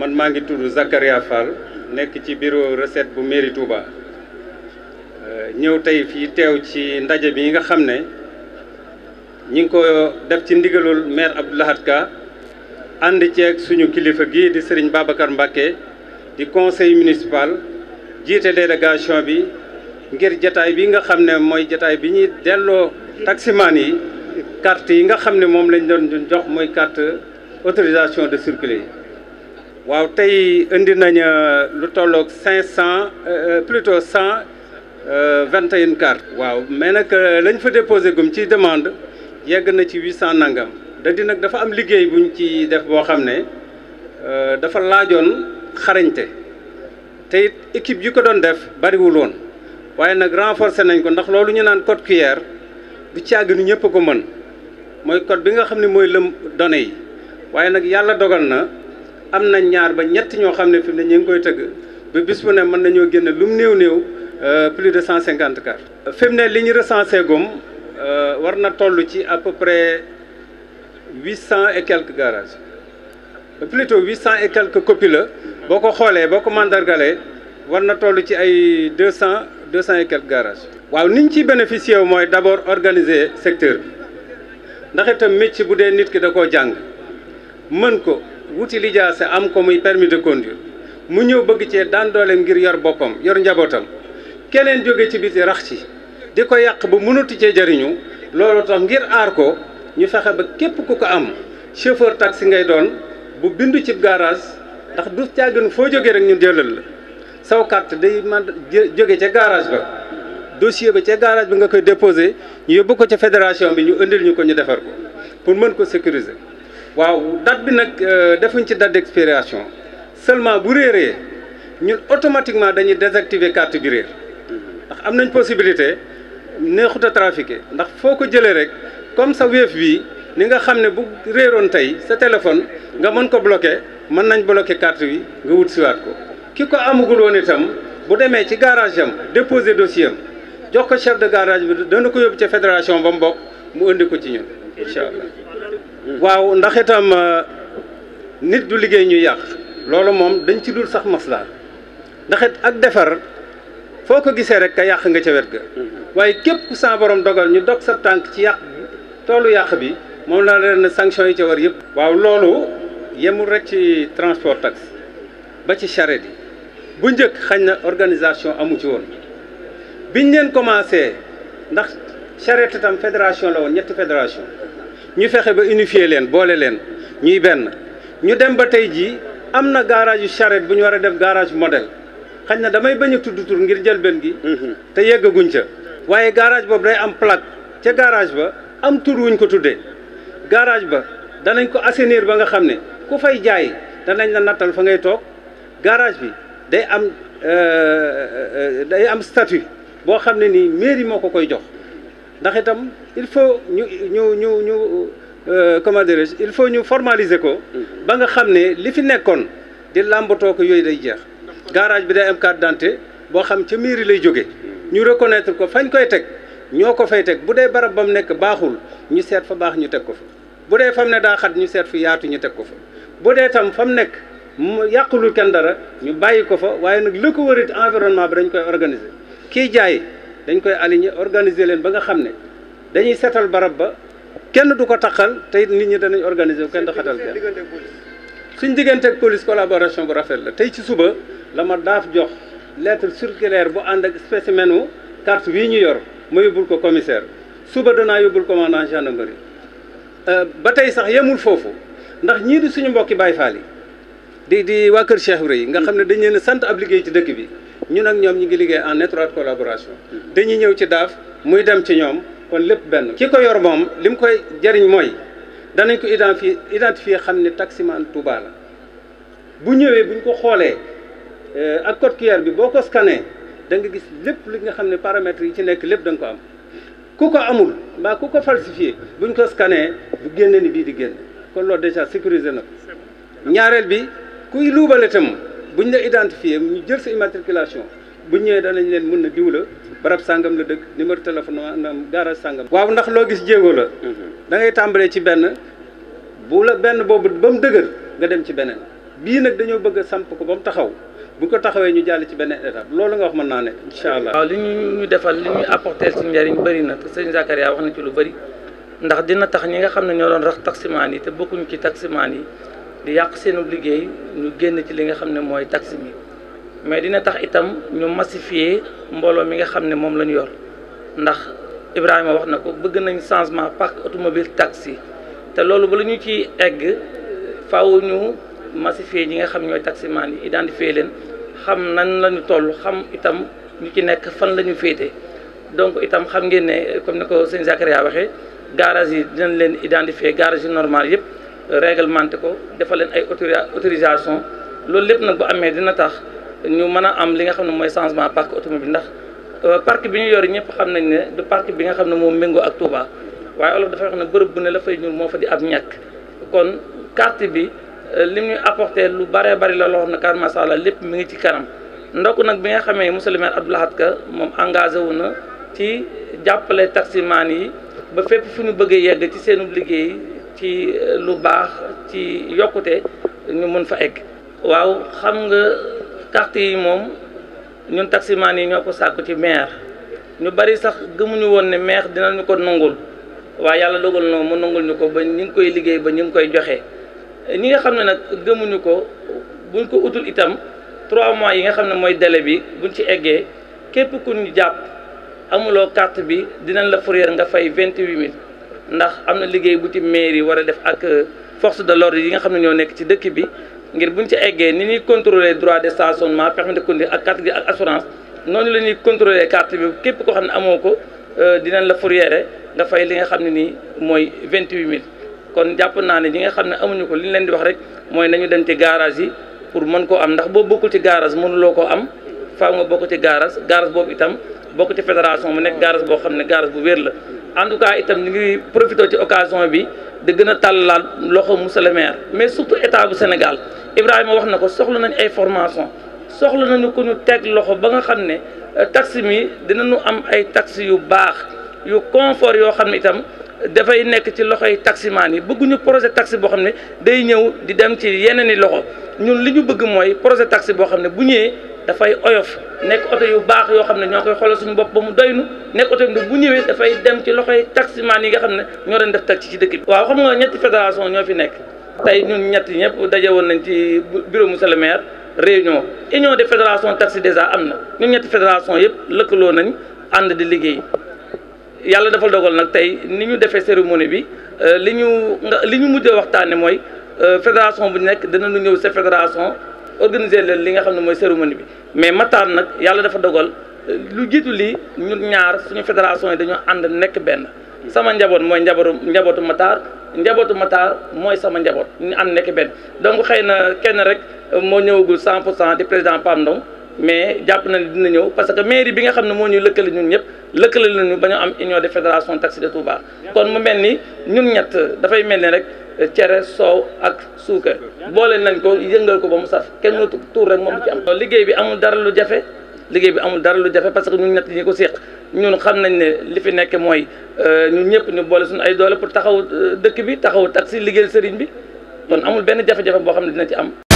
man maa ngi tudd Zakaria Fall nekk ci bureau recette bu mairie Touba euh, ñëw tey fii teew ci ndaje bi nga xam ne ñi ngi ko def ci ndigalul maire Abdou Lahad ànd ceeg suñu kilifa gi di Serigne Babacar Mbacké di conseil municipal jiite délégation bi ngir jataay bi nga xam ne mooy jataay bi ñuy delloo taximaan yi carte yi nga xam ne moom lañ doon jox mooy carte autorisation de circuler waaw tey indi nañu euh, lu tolloog cinq cent euh, euh, pluto cent vingt et une cartes waaw mais nag lañ fa déposé gum ci demande yegg na ci huit cent nangam da di nag dafa am liggéey bu ñu ci def boo xam ne dafa laajoon xarañte te it équipe yi ko doon def bariwul woon waaye nag renforcer nañ ko ndax loolu ñu naan code QR du càgg ni ñëpp a ko mën mooy code bi nga xam ne mooy lëm données yi waaye nag yàlla dogal na amna ñaar ba ñett ño xamne fi ne ñi ngi koy teug bi bis bu ne man nañu genn lu neew neew euh, plus de 150 car fim ne liñu recensé gum euh warna tollu ci à peu près 800 et quelques garages plutôt 800 et quelques copies la boko xolé boko mandargalé warna tollu ci ay 200 200 et quelques garages waaw niñ ci bénéficier moy d'abord organiser secteur ndax itam métier budé nit ki da ko jang mën ko wuti lijaasa am ko muy permis de conduire mu ñëw bëgg cee daan doole ngir yor boppam yor njabootam keneen jóge ci biti rax ci di ko yàq ba mënatu cee jariñu loolu tax ngir aar ko ñu fexe ba képp ku ko am chauffeur taxi ngay doon bu bindu ci garage ndax du càggin foo jógee rek ñu jëlal la saw carte day man jóge ca garage ba dossier ba ca garage bi nga koy déposé ñu yóbbu ko ca fédération bi ñu indil ñu ko ñu defar ko pour mën ko sécuriser waaw date bi nag euh, defuñ ci date d'expiration seulement bu réeree ñun automatiquement dañuy désactiver carte bi réer ndax am nañ possibilité neexut a trafiqué ndax foo ko jëlee rek comme sa Wave bi ni nga xam ne bu réeroon tey sa téléphone nga mën ko bloqué mën nañ bloqué carte bi nga wut siwaat ko ki ko amagul woon itam bu demee ci garage am déposé dossier am jox ko chef de garage bi dana ko yóbbu ca fédération ba mu bokk mu indi ko ci ñun incha allah waaw ndax euh, nit du liggéey ñu yàq loolu moom dañ ci dul sax maslaa ndax ak defar foo ko gisee rek ka yàq nga ca wet ga mm-hmm. waaye képp ku sa borom dogal ñu dog sa tànk ci yàq bi toolu yàq bi moom la na sanction yi ca war yëpp waaw loolu yemul rek ci transport taxe ba ci charrette yi bu njëkk xañ na organisation amu ci woon biñ leen commencé ndax charrette itam fédération la woon ñetti fédération ñu fexe ba unifier leen boole leen ñuy benn ñu dem ba tey jii am na garage yu charrette bu ñu war a def garage model xañ na damay bañ a tudd tur ngir jël benn gi mhm. te yeggaguñ ca waaye garage boobu day am plaque ca garage ba am tur wuñ ko tuddee garage ba danañ ko assainir ba nga xam ne ku fay jaay danañ la nattal fa ngay toog garage bi day am euh, euh, euh, day am statut boo xam ne nii mairie moo ko koy jox ndax itam il faut ñu ñu ñu ñu euh, comment dirais-je il faut ñu formaliser ko ba nga xam ne li fi nekkoon di làmbatoo ko yooyu day jeex garage bi day am carte d'identité boo xam ca mairie lay jóge ñu reconnaître ko fañ koy teg ñoo ko fay teg bu dee barab ba mu nekk baaxul ñu seet fa baax ñu teg ko fa bu dee fa ne daa xat ñu seet fi yaatu ñu teg ko fa bu dee tam fa mu nekk mu yàqulul kenn dara ñu bàyyi ko fa waaye nag lu ko wërit environnement bi dañ koy organiser kii jaay dañ koy aligner organiser leen ba nga xam ne dañuy seetal barab ba kenn du ko taxal tey it nit ñi danañ organiser kenn du xatal kenn suñ digganteeg police collaboration bu rafet la tey ci suba la ma daaf jox lettre circulaire bu ànd ak spécimen wu carte bii ñu yor ma yóbbul ko commissaire suba danaa yóbbul commandant gendarmerie euh, ba tey sax yemul foofu ndax ñii di suñu mbokki Baay Faal yi di di waa kër Cheikh Ibra yi nga xam ne dañ leen sant ab ci dëkk bi ñun nag ñoom ñu ngi liggéey en étroite collaboration dañuy ñëw ci daaf muy dem ci ñoom kon lépp benn ki ko yor moom li mu koy jëriñ mooy danañ ko identifier xam ne taximan Touba la bu ñëwee buñ ko xoolee euh, ak code QR bi boo ko scanné da nga gis lépp li nga xam ne paramètres yi ci nekk lépp da nga ko am ku ko amul mbaa ku ko falsifié buñ ko scanné bu génne ni bii di génn kon loolu déjà sécurisé na ko ñaareel bi kuy luubale tam bu ñu la identifié ñu jël sa immatriculation buñ ñëwee danañ leen mun na diw barab sàngam la dëkk numéro téléphone am garage sàngam. waaw ndax loo gis jéego la. Mhm. da ngay tàmbalee ci benn bu la benn boobu ba mu dëgër nga dem ci beneen bii nag dañoo bëgg a samp ko ba mu taxaw. bu ko taxawee ñu jàll ci beneen étape loolu nga wax mën naa ne incha allah. waaw li ñu ñu defal li ñu apporter ci njariñ bëri na te sëñ Zakaria wax na ci lu bëri ndax dina tax ñi nga xam ne ñoo doon rax taximaan yi te bokkuñ ci taximaan yi di yàq seenu liggéey ñu génn ci li nga xam ne mooy taxe bi mais dina tax itam ñu massifier mbooloo mi nga xam ne moom la ñu yor ndax Ibrahima wax na ko bëgg nañ changement parc automobile taxi te loolu ba la ñu ci egg faw ñu massifier ñi nga xam ñooy taximaan yi identifier leen xam nan la ñu toll xam itam ñu ci nekk fan la ñu féete donc itam xam ngeen ne comme na ko sëñ Zakaria waxee garage yi dinañ leen identifier garage yi normal yëpp. réglementé ko defal leen ay autorisation loolu lépp nag bu amee dina tax ñu mën a am li nga xam ne mooy changement parc automobile ndax euh, parc bi ñu yore ñëpp xam nañ ne du parc bi nga xam ne moom méngoo ak Touba waaye olof dafa wax ne bërëb bu ne la fay ñuul moo fa di ab ñàkk kon carte bi euh, li ñu apporté lu baree bari la loo xam ne kar macha lépp mu ngi ci kanam ndokk nag bi nga xamee monsieur le maire Abdou Lahad Ka moom engagé wu na ci jàppale taximaan yi ba fépp fu ñu bëggee yegg ci seenu liggéey ci euh, lu baax ci yokkute ñu mun fa egg waaw xam nga carte yi moom ñun taximaan yi ñoo ko sàkku ci maire ñu bari sax gëmuñu woon ne maire dinañu ko nangul waaye yàlla dogal noo mu nangul ñu ko ba ñu ngi koy liggéey ba ñu ngi koy joxe ñi nga xam ne nag gëmuñu ko buñ ko utul itam trois mois yi nga xam ne mooy délai bi buñ ci eggee képp ku jàpp amuloo carte bi dinañ la fourrière nga fay vingt-huit mille ndax am na liggéey bu ci mairie war a def ak euh, force de l'ordre yi nga xam ne ñoo nekk ci dëkk bi ngir buñ ci eggee ni ñuy contrôler droit de stationnement permis de conduire ak carte gi assurance noonu lañuy ñuy contrôler carte bi képp koo xam ne amoo ko euh, dinañ la fourier nga fay li nga xam ne nii mooy vingt-huit mille kon jàpp naa ne ñi nga xam ne amuñu ko li ñu leen di wax rek mooy nañu dem ci garage yi pour mën ko am ndax boo bokkul ci garage mënuloo koo am faaw nga bokk ci garage garage itam bokk ci fédération mu nekk garage boo xam ne garage bu wér la en tout cas itam ñu ngi profité ci occasion bi di gën a tàllalaat loxo monsieur le maire mais surtout état bu Sénégal Ibrahima wax na ko soxla nañu ay formation soxla nañu ko ñu teg loxo ba nga xam ne euh, taxi mi dinañu am ay taxi yu baax yu confort yoo xam ne itam dafay nekk ci loxoy taximaan yi bëgguñu projet taxi boo xam ne day ñëw di dem ci yeneen i loxo ñun li ñu bëgg mooy projet taxi boo xam ne bu ñëwee. dafay oyof nekk oto yu baax yoo xam ne ñoo koy xoolal suñu bopp ba mu doy nu nekk oto bu ñëwee dafay dem ci loxoy taximaan yi nga xam ne ñoo doon def taxi ci dëkk bi. waaw xam nga ñetti fédération ñoo fi nekk tey ñun ñetti ñëpp daje woon nañ ci bureau monsieur le maire réunion union des fédérations taxi déjà am na ñun ñetti fédération yëpp lëkkaloo nañ ànd di liggéey. yàlla dafa dogal nag tey ni ñu defee cérémonie bi euh, li ñu li ñu mujjee waxtaane mooy euh, fédération bu nekk dina ñu ñëw sa fédération organiser leen li nga xam ne mooy cérémonie bi mais Mataan nag yàlla dafa dogal euh, lu jiitu lii ñun ñaar suñu fédération yi dañoo ànd nekk benn sama njaboot mooy njabootu njabootu Matar njabootu Matar mooy sama njaboot ñu ànd nekk benn donc xëy na kenn rek moo ñëwagul 100 pour cent di président Pam Ndong mais jàpp na ne dina ñëw parce que mairie bi nga xam ne moo ñuy lëkkale ñun ñëpp lëkkale nañu ba ñu am union de fédération taxi de Touba kon mu mel ni ñun dafay mel ni rek cere soow ak suukar boole nañ ko yëngal ko ba mu saf kenn mënatu tuur rek moom ci am. liggéey bi amul dara lu jafe liggéey bi amul dara lu jafe parce que ñu ñett ñi ko séq ñun xam nañ ne li fi nekk mooy euh, ñun ñëpp ñu boole suñu ay doole pour taxaw euh, dëkk bi taxaw taxi liggéeyal sëriñ bi kon amul benn jafe-jafe boo xam ne dina ci am.